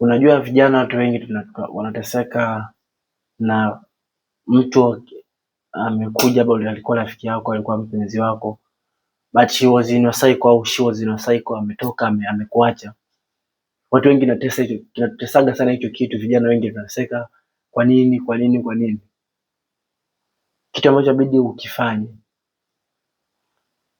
Unajua vijana watu wengi wanateseka na mtu amekuja labda alikuwa rafiki yako, alikuwa mpenzi wako, but she was in a cycle au she was in a cycle, ametoka amekuacha. Watu wengi natesa hicho, tunatesaga sana hicho kitu, vijana wengi tunateseka. Kwa nini? Kwa nini? Kwa nini? Kitu ambacho inabidi ukifanye,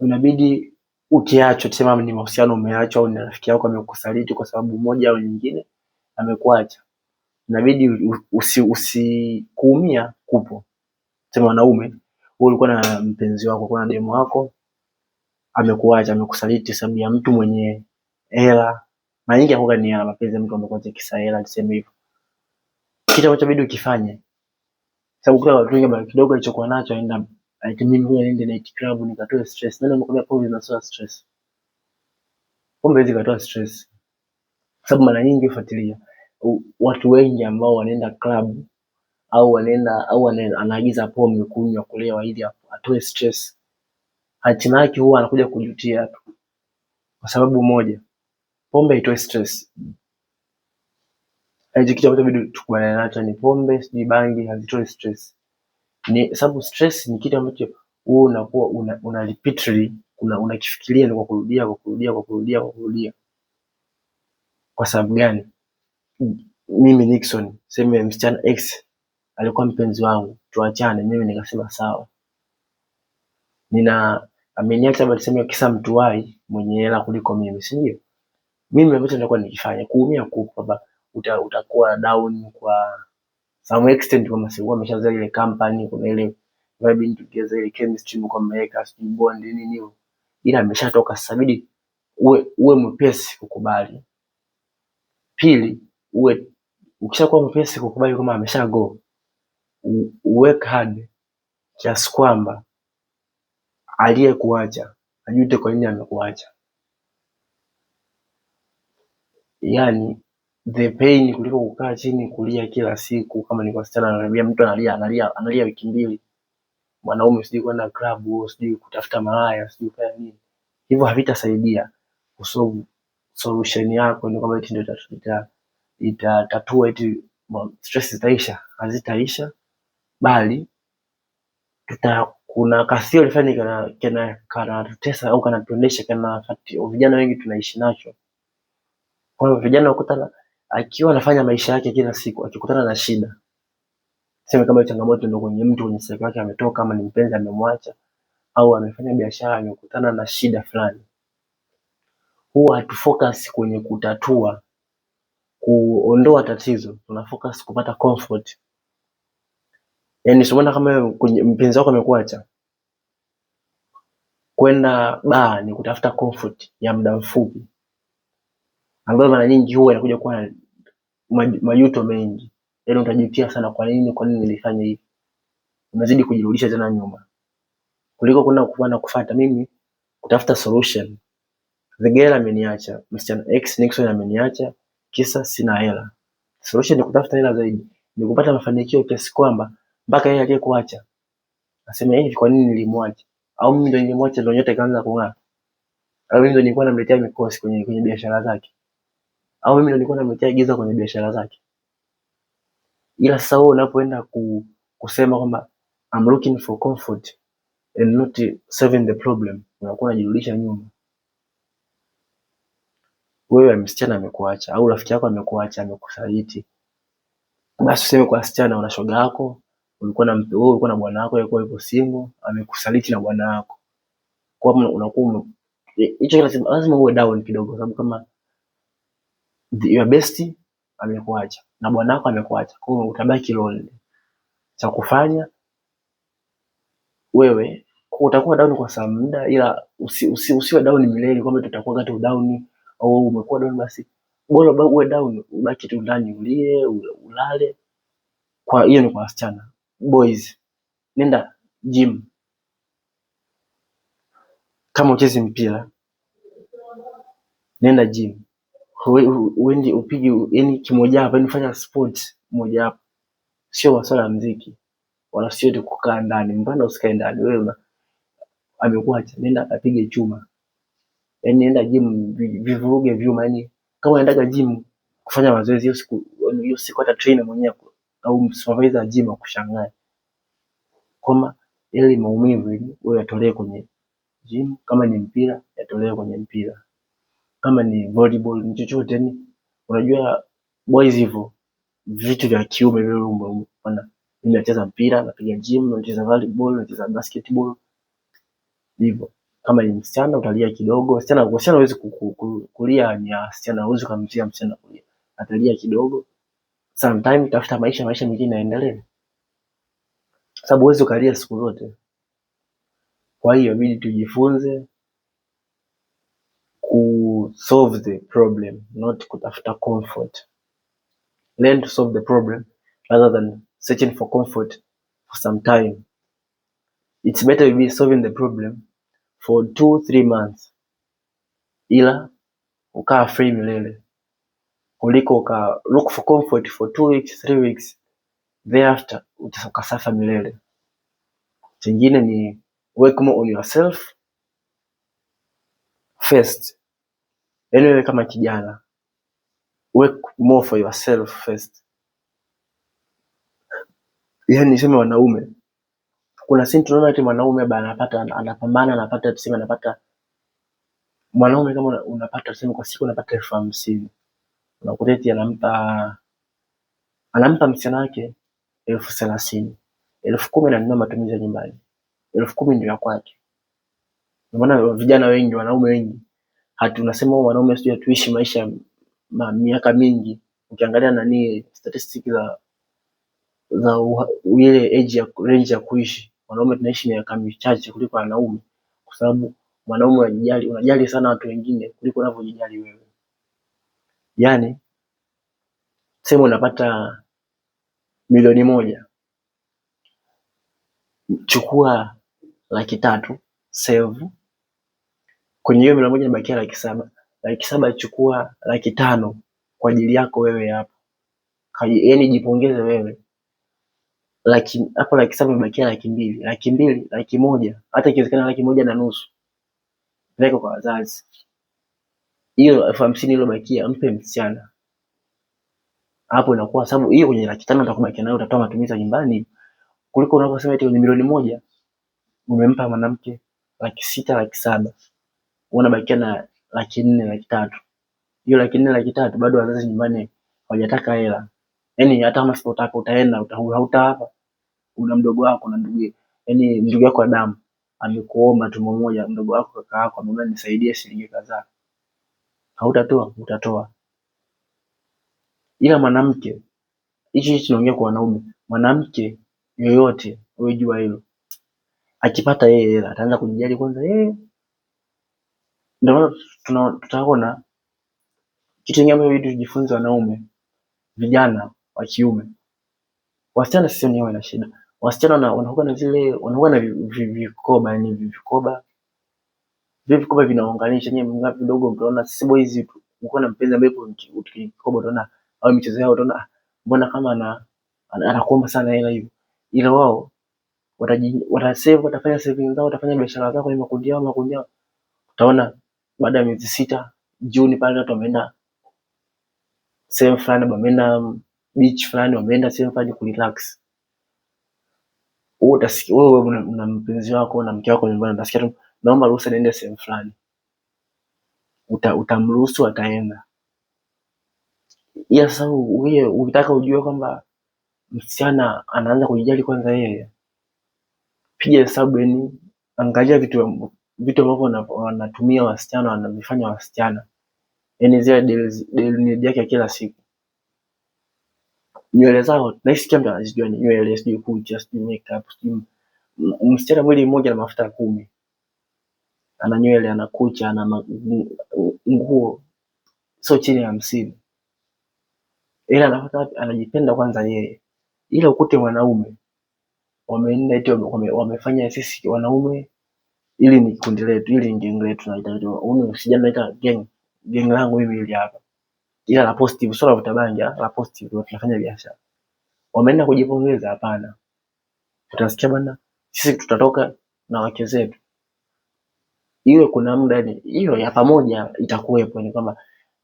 inabidi ukiacho, tuseme ni mahusiano umeachwa, au ni rafiki yako amekusaliti kwa sababu moja au nyingine amekuacha, inabidi usikuumia. Usi, kupo sema wanaume, wewe ulikuwa na mpenzi wako, kuna na demu wako, amekuacha, amekusaliti sababu ya mtu mwenye hela. Mara nyingi akoga ni hela, mapenzi mtu amekuacha kisa hela, tuseme hivyo. Kitu ambacho bidi ukifanye, sababu kwa watu wengi kidogo alichokuwa nacho aenda ati mimi huyo niende night club nikatoe stress. Nani amekwambia pombe zinatoa stress? Pombe hizi katoa stress sababu mara nyingi ufuatilia watu wengi ambao wanaenda club au wanaenda au anaagiza pombe kunywa kulewa ili atoe stress, hatima yake huwa anakuja kujutia tu, kwa sababu moja, pombe haitoi stress. Hicho kitu ambacho bidi tukubaliane nacho ni pombe, sijui bangi hazitoi stress, ni sababu stress ni kitu ambacho wewe unakuwa una, una repeatedly una unakifikiria kwa kurudia kwa kurudia kwa kurudia kwa kurudia kwa sababu gani? Mimi Nixon, sema msichana X alikuwa mpenzi wangu, tuachane. Mimi nikasema sawa, nina ameniacha bali sema kisa mtu wai mwenye hela kuliko mimi, si ndio? Mimi ambacho nilikuwa nikifanya kuumia kupo baba, uta, utakuwa down kwa some extent, kama sikuwa ameshazoea ile company, kuna ile vibe together, ile chemistry mko mmeweka, sijui bond nini hiyo, ila ameshatoka sasa, bidi uwe uwe mpesi kukubali. Pili, uwe ukishakuwa mpesi kukubali kama amesha go, work hard kiasi kwamba aliyekuacha ajute kwa nini amekuacha, yani the pain kuliko kukaa chini kulia kila siku. Kama ni wasichana anaambia mtu analia analia analia wiki mbili, mwanaume sijui kwenda klabu, sijui kutafuta malaya, sijui kufanya nini, hivyo havitasaidia kusolve solution yako ni kwamba eti ndio itatatua eti stress zitaisha, hazitaisha, bali tuta kuna kasio lifani kana kana kanatutesa au kanatuendesha kana vijana wengi tunaishi nacho. Kwa hiyo vijana akiwa anafanya maisha yake kila siku, akikutana na shida, sema kama changamoto ndio kwenye mtu kwenye sehemu yake ametoka, ama ni mpenzi amemwacha, au amefanya biashara, amekutana na shida fulani huwa hatufocus kwenye kutatua kuondoa tatizo, tunafocus kupata comfort. Yani sumana kama kwenye mpenzi wako amekuacha, kwenda baa ni kutafuta comfort ya muda mfupi, ambayo mara nyingi huwa inakuja kuwa majuto mengi. Yani utajutia sana, kwa nini, kwa nini nilifanya hivi? Unazidi kujirudisha tena nyuma kuliko kwenda kufuata mimi kutafuta solution Kagera ameniacha, msichana X Nixon ameniacha, kisa sina hela. Solution ni kutafuta hela zaidi, ni kupata mafanikio kiasi kwamba mpaka yeye aje kuacha aseme hivi, kwa nini nilimwacha? Au mimi ndio nilimwacha, ndio nyota ikaanza kung'aa? Au mimi ndio nilikuwa namletea mikosi kwenye kwenye biashara zake? Au mimi ndio nilikuwa namletea giza kwenye biashara zake? Ila sasa wewe unapoenda ku, kusema kwamba I'm looking for comfort and not solving the problem, unakuwa unajirudisha nyuma wewe msichana amekuacha au rafiki yako amekuacha, amekusaliti, basi useme kwa msichana, una shoga yako ulikuwa na mtu wewe, ulikuwa na bwana wako, yuko yupo single, amekusaliti na bwana wako. Kwa hiyo unakuwa hicho, lazima lazima uwe down kidogo, sababu kama the, your best amekuacha na bwana wako amekuacha, kwa hiyo utabaki lonely. Cha kufanya wewe utakuwa down kwa saa muda, ila usi, usi, usiwe down milele, kwamba tutakuwa kati down au umekuwa down, basi bora uwe down, ubaki tu ndani, ulie, ulale. Kwa hiyo ni kwa wasichana. Boys, nenda gym kama uchezi mpira nenda gym, uende upige, yani kimoja hapo, yani fanya sport moja hapo, sio masuala ya mziki wala sio kukaa ndani. Mbona usikae ndani wewe? Amekuacha, nenda apige chuma yani nenda gym vivuruge vyuma, yani kama endaga gym kufanya mazoezi hiyo siku hiyo siku, hata trainer mwenyewe au supervisor gym akushangaa kwamba ili maumivu ile wewe yatolee kwenye gym, kama ni mpira yatolee kwenye mpira, kama ni volleyball ni chochote. ni yaani unajua boys hivyo vitu vya kiume vile rumbo bwana, mimi nacheza mpira, napiga gym, nacheza volleyball, nacheza basketball hivyo kama ni msichana utalia kidogo. Wasichana wasichana hawezi kulia, ni msichana hawezi kumtia msichana kulia, atalia kidogo. Sometimes tafuta maisha, maisha mengine yaendelee, sababu huwezi ukalia siku zote. Kwa hiyo bidi tujifunze ku solve the problem not kutafuta comfort. Learn to solve the problem rather than searching for comfort for some time. It's better we be solving the problem for two three months ila ukaa free milele kuliko uka look for comfort for two weeks three weeks thereafter ukasafa milele. Chingine ni work more on yourself first, yaani wewe kama kijana work more for yourself first, yani niseme wanaume kuna sisi tunaona eti mwanaume bana anapata anapambana anapata tuseme anapata mwanaume kama unapata tuseme kwa siku anapata elfu hamsini unakuta eti anampa anampa msichana wake elfu thelathini elfu kumi ananunua matumizi ya nyumbani, elfu kumi ndio ya kwake. Ndio maana vijana wengi, wanaume wengi, unasema wanaume sio tuishi maisha ma, miaka mingi. Ukiangalia nani statistics za za ile age ya range ya kuishi wanaume tunaishi miaka michache kuliko wanaume, kwa sababu mwanaume unajali, unajali sana watu wengine kuliko unavyojijali wewe. yani sema unapata milioni moja, chukua laki tatu save kwenye hiyo milioni moja, nabakia laki saba. Laki saba chukua laki tano kwa ajili yako wewe hapo, yani jipongeze wewe laki hapo laki saba imebakia laki mbili laki mbili laki moja hata ikiwezekana laki moja na nusu peleka kwa wazazi. Hiyo elfu hamsini iliyobakia mpe msichana hapo, inakuwa sababu hiyo kwenye laki tano utakubakia nayo, utatoa matumizi ya nyumbani, kuliko unavyosema eti kwenye milioni moja umempa mwanamke laki sita laki saba unabakia na laki nne laki tatu hiyo laki nne laki tatu bado wazazi nyumbani hawajataka hela, yaani hata kama sipotaka utaenda utahauta hapa una mdogo wako na ndugu yani ndugu yako wa damu amekuomba tumbo moja, mdogo wako kaka yako amwambia nisaidie shilingi kadhaa, hautatoa utatoa. Ila mwanamke, hichi hichi naongea kwa wanaume, mwanamke yoyote wewe jua hilo, akipata yeye hela ataanza kujijali kwanza yeye. Ndio maana tutaona kitu kingine ambacho inabidi tujifunze wanaume, vijana wa kiume, wasichana sio, ni wawe na shida wasichana wanakuwa na vile wanakuwa na vikoba, yani vikoba vile vikoba vinaunganisha. nyewe mngapi vidogo, mtaona sisi boys uko na mpenzi ambaye tukikoba, utaona au michezo yao, utaona mbona kama ana anakuomba sana hela hiyo ila wao watasave, watafanya saving zao, watafanya biashara zao kwenye makundi yao, makundi yao. Utaona baada ya miezi sita, Juni pale watu wameenda sehemu fulani, wameenda beach fulani, wameenda sehemu fulani kurelax wewe una mpenzi wako na mke wako nyumbani, utasikia tu naomba ruhusa niende sehemu fulani, utamruhusu uta ataenda. Ila sasa wewe ukitaka ujue kwamba msichana anaanza kujijali kwanza yeye, piga hesabu, yani angalia vitu vitu ambavyo wanatumia wasichana wanavifanya wasichana, yani zile deli yake ya kila siku nywele zao nahisi kila mtu anazijua ni nywele, sijui kucha, sijui makeup, sijui msichana mwili mmoja na mafuta kumi, ana nywele, ana kucha, ana nguo, sio chini ya hamsini, ila anapata Anajipenda kwanza yeye, ila ukute wanaume wameenda eti wame, wamefanya sisi wanaume, ili ni kundi letu, ili ni gang letu, na itakuwa usijana ita gang gang langu mimi ili hapa ila la positive, sio la vuta bangia, la positive, ndio tunafanya biashara. Wameenda kujipongeza? Hapana, utasikia bwana, sisi tutatoka na wake zetu, iwe kuna muda ni hiyo ya pamoja itakuwepo, ni kwamba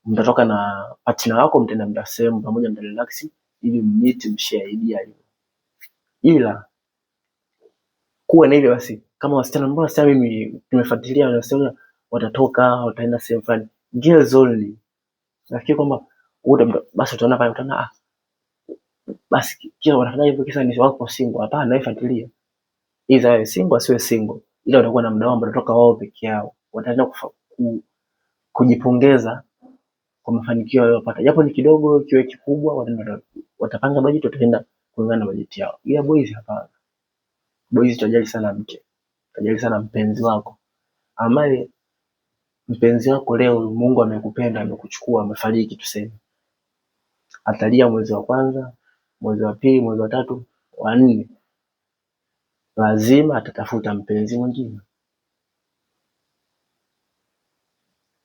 mtatoka na partner wako, mtenda mda sehemu pamoja, mta relax ili meet mshare idea hiyo, ila kuwa na hivyo basi. Kama wasichana ambao sasa mimi tumefuatilia, wanasema watatoka wataenda sehemu fulani, girls only nafikiri kwamba basi utaona pale, utaona ah, basi kila wanafanya hivyo kisa ni wako single. Hapana, ifuatilie iza wewe single asiwe single, ila utakuwa na muda wao unatoka wao peke yao, wataenda kujipongeza kwa mafanikio waliyopata, japo ni kidogo kiwe kikubwa, wataenda watapanga bajeti, wataenda kulingana na bajeti yao. Ila boys hapana, boys tutajali sana mke, tutajali sana mpenzi wako ambaye mpenzi wako leo Mungu amekupenda, amekuchukua, amefariki, tuseme atalia mwezi wa kwanza, mwezi wa pili, mwezi wa tatu, wa nne, lazima atatafuta mpenzi mwingine.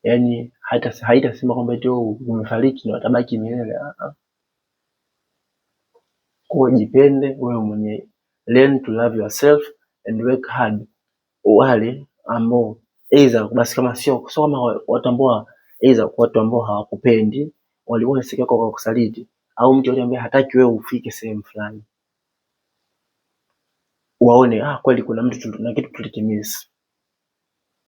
yani haitasema haita kwamba eti umefariki na watabaki milele. Ah, ah. Kuwa jipende wewe mwenyewe, learn to love yourself and work hard. Wale ambao aidha basi kama sio sio kama watu ambao aidha watu ambao hawakupendi waliona siku yako kwa kusaliti, au mtu yule ambaye hataki wewe ufike sehemu fulani, waone ah, kweli kuna mtu na kitu tulikimisi